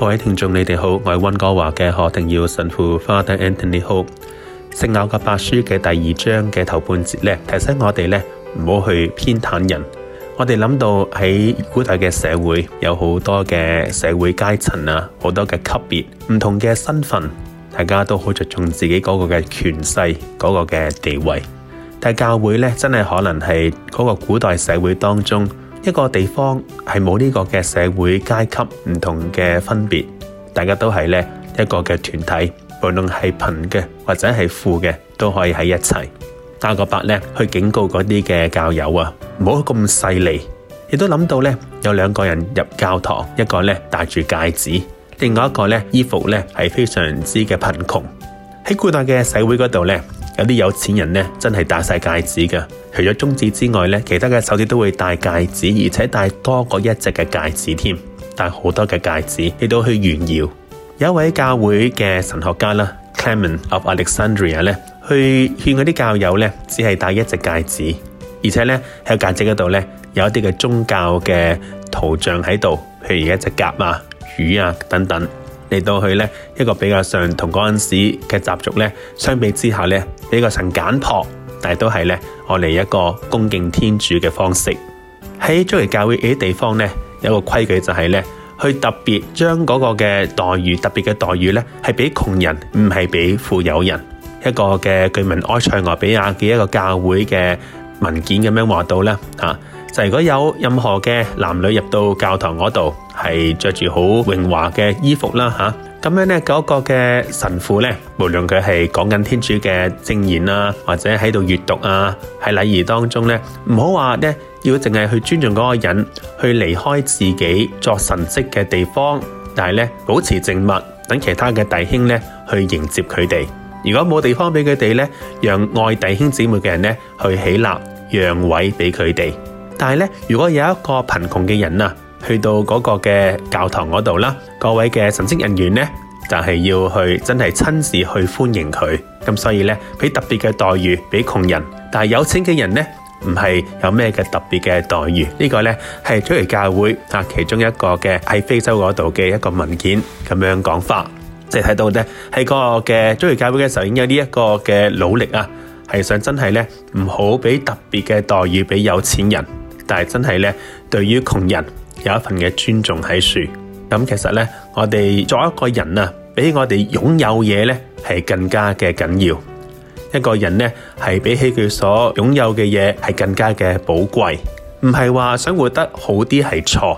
各位聽眾，你哋好，我係温哥華嘅何定耀神父 Father Anthony Ho。p e 食咬嘅《白書》嘅第二章嘅頭半節咧，提醒我哋咧唔好去偏袒人。我哋諗到喺古代嘅社會，有好多嘅社會階層啊，好多嘅級別，唔同嘅身份，大家都好着重自己嗰個嘅權勢嗰、那個嘅地位。但係教會咧，真係可能係嗰個古代社會當中。一個地方係冇呢個嘅社會階級唔同嘅分別，大家都係呢一個嘅團體，無論係貧嘅或者係富嘅，都可以喺一齊。雅各伯呢去警告嗰啲嘅教友啊，唔好咁勢利。亦都諗到呢，有兩個人入教堂，一個呢戴住戒指，另外一個呢衣服呢係非常之嘅貧窮。喺古代嘅社會嗰度呢。有啲有錢人咧，真係戴曬戒指㗎。除咗中指之外咧，其他嘅手指都會戴戒指，而且戴多過一隻嘅戒指添。戴好多嘅戒指嚟到去炫耀。有一位教會嘅神學家啦，Clement of Alexandria 咧，去勸嗰啲教友咧，只係戴一隻戒指，而且咧喺戒指嗰度咧，有一啲嘅宗教嘅圖像喺度，譬如一隻鴿啊、魚啊等等嚟到去咧，一個比較上同嗰陣時嘅習俗咧相比之下呢。呢個神簡樸，但都係咧，我哋一個恭敬天主嘅方式。喺早期教會啲地方呢，有一個規矩就係、是、呢：去特別將嗰個嘅待遇特別嘅待遇呢，係俾窮人，唔係俾富有人。一個嘅據民埃塞俄比亞嘅一個教會嘅文件咁樣話到呢：啊「嚇，就如果有任何嘅男女入到教堂嗰度。係着住好榮華嘅衣服啦，嚇咁樣咧，嗰個嘅神父咧，無論佢係講緊天主嘅正言啊，或者喺度閲讀啊，喺禮儀當中咧，唔好話咧要淨係去尊重嗰個人，去離開自己作神職嘅地方，但係咧保持靜默，等其他嘅弟兄咧去迎接佢哋。如果冇地方俾佢哋咧，讓愛弟兄姊妹嘅人咧去起立讓位俾佢哋。但係咧，如果有一個貧窮嘅人啊～去到嗰個嘅教堂嗰度啦，各位嘅神職人員咧就係要去真係親自去歡迎佢咁，所以咧俾特別嘅待遇俾窮人，但係有錢嘅人咧唔係有咩嘅特別嘅待遇，呢個咧係土耳其教會啊，其中一個嘅喺非洲嗰度嘅一個文件咁樣講法，即係睇到咧喺個嘅土耳其教會嘅時候，已經有呢一個嘅努力啊，係想真係咧唔好俾特別嘅待遇俾有錢人，但係真係咧對於窮人。有一份嘅尊重喺樹，咁、嗯、其實呢，我哋作為一個人啊，比起我哋擁有嘢咧，係更加嘅緊要。一個人呢，係比起佢所擁有嘅嘢，係更加嘅寶貴。唔係話想活得好啲係錯，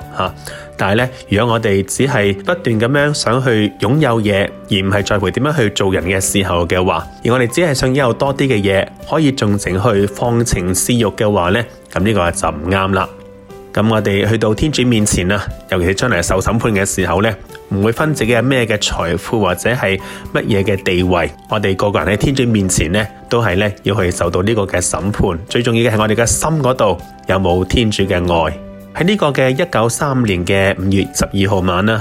但係呢，如果我哋只係不斷咁樣想去擁有嘢，而唔係在乎點樣去做人嘅時候嘅話，而我哋只係想有多啲嘅嘢，可以盡情去放情私欲嘅話呢，咁呢個就唔啱啦。咁我哋去到天主面前啊，尤其是將來受審判嘅時候呢，唔會分自己係咩嘅財富或者係乜嘢嘅地位，我哋個個人喺天主面前呢，都係咧要去受到呢個嘅審判。最重要嘅係我哋嘅心嗰度有冇天主嘅愛。喺呢個嘅一九三五年嘅五月十二號晚啦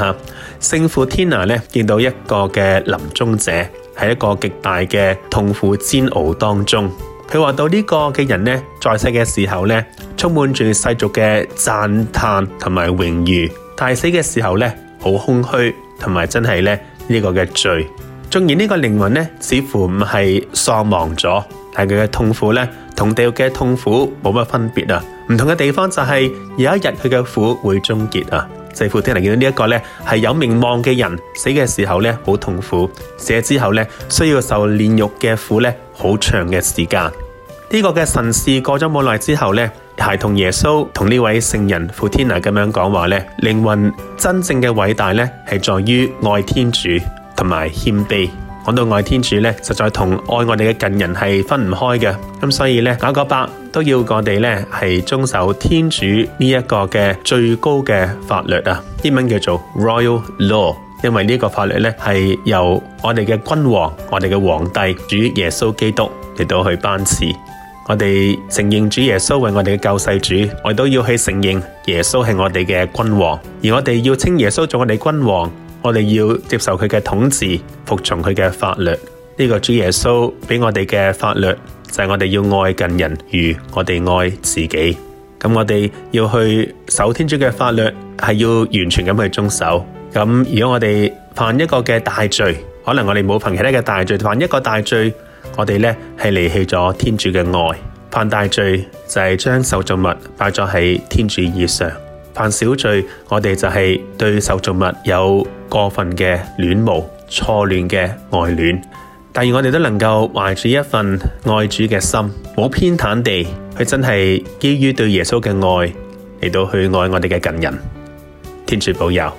吓，聖傅天娜呢，見到一個嘅臨終者，喺一個極大嘅痛苦煎熬當中。佢話到這個呢個嘅人咧，在世嘅時候咧，充滿住世俗嘅讚嘆同埋榮譽；但死嘅時候呢，好空虛，同埋真係咧呢、這個嘅罪。縱然呢個靈魂呢，似乎唔係喪亡咗，但係佢嘅痛苦呢，同地獄嘅痛苦冇乜分別啊。唔同嘅地方就係有一日佢嘅苦會終結啊。祭傅天娜見到個呢個係有名望嘅人死嘅時候好痛苦；死咗之後咧，需要受煉獄嘅苦好長嘅時間。呢、這個嘅神事過咗冇耐之後咧，孩童耶穌同呢位聖人傅天娜咁樣講，話呢靈魂真正嘅偉大呢係在於愛天主同埋謙卑。講到愛天主咧，實在同愛我哋嘅近人係分唔開嘅。咁所以呢，雅各伯都要我哋呢係遵守天主呢一個嘅最高嘅法律啊。英文叫做 Royal Law，因為呢一個法律呢係由我哋嘅君王、我哋嘅皇帝主耶穌基督嚟到去頒賜。我哋承認主耶穌為我哋嘅救世主，我都要去承認耶穌係我哋嘅君王，而我哋要稱耶穌做我哋君王。我哋要接受佢嘅統治，服從佢嘅法律。呢個主耶穌俾我哋嘅法律就係我哋要愛近人如我哋愛自己。咁我哋要去守天主嘅法律，係要完全咁去遵守。咁如果我哋犯一個嘅大罪，可能我哋冇犯其他嘅大罪，犯一個大罪，我哋咧係離棄咗天主嘅愛。犯大罪就係將受造物擺咗喺天主以上。犯小罪，我哋就係對受造物有過分嘅戀慕、錯亂嘅愛戀，但願我哋都能夠懷住一份愛主嘅心，冇偏袒地，佢真係基於對耶穌嘅愛嚟到去愛我哋嘅近人，天主保佑。